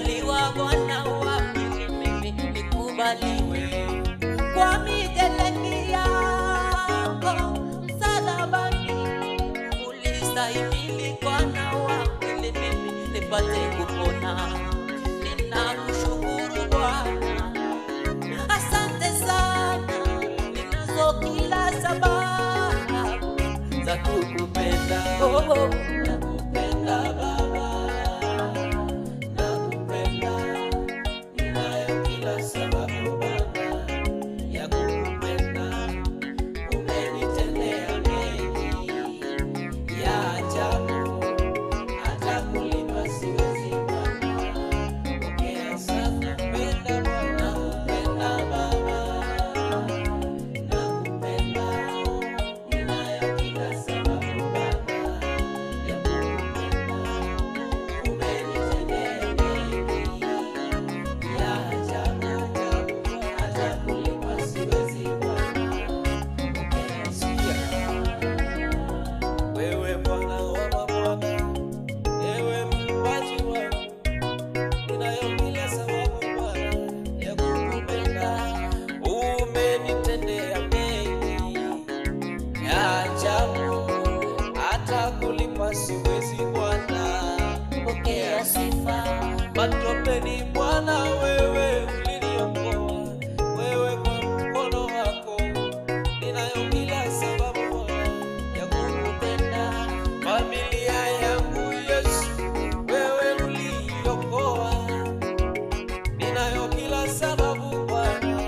Nimejaliwa Bwana wangu mimi nikubaliwe kwa mijeledi yako msalabani ulistahimili Bwana wangu ili mimi nipate kupona. Ninakushukuru Bwana, asante sana, ninazo kila sababu za kukupenda oh, oh. oh. siwezi Bwana, pokea sifa. Matopeni Bwana, wewe uliniokoa, wewe kwa mkono wako, ninayo kila sababu ya kukupenda. Familia yangu Yesu, wewe ninayo kila sababu Bwana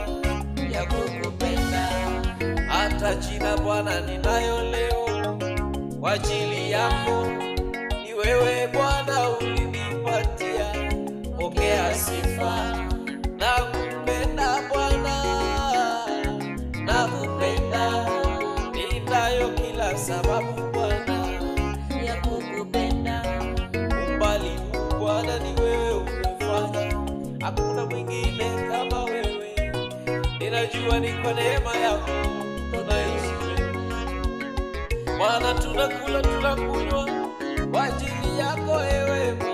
ya kukupenda. Hata jina Bwana ninayo leo kwa ajili yako Ni wewe Bwana ulinipatia, pokea sifa na kupenda Bwana na kupenda ninayo kila sababu Bwana ya kukupenda. Umbali huu Bwana ni wewe umefanya, hakuna mwingine kama wewe. Ninajua ni kwa neema yako Bwana tunakula tunakunywa kwa ajili yako ewe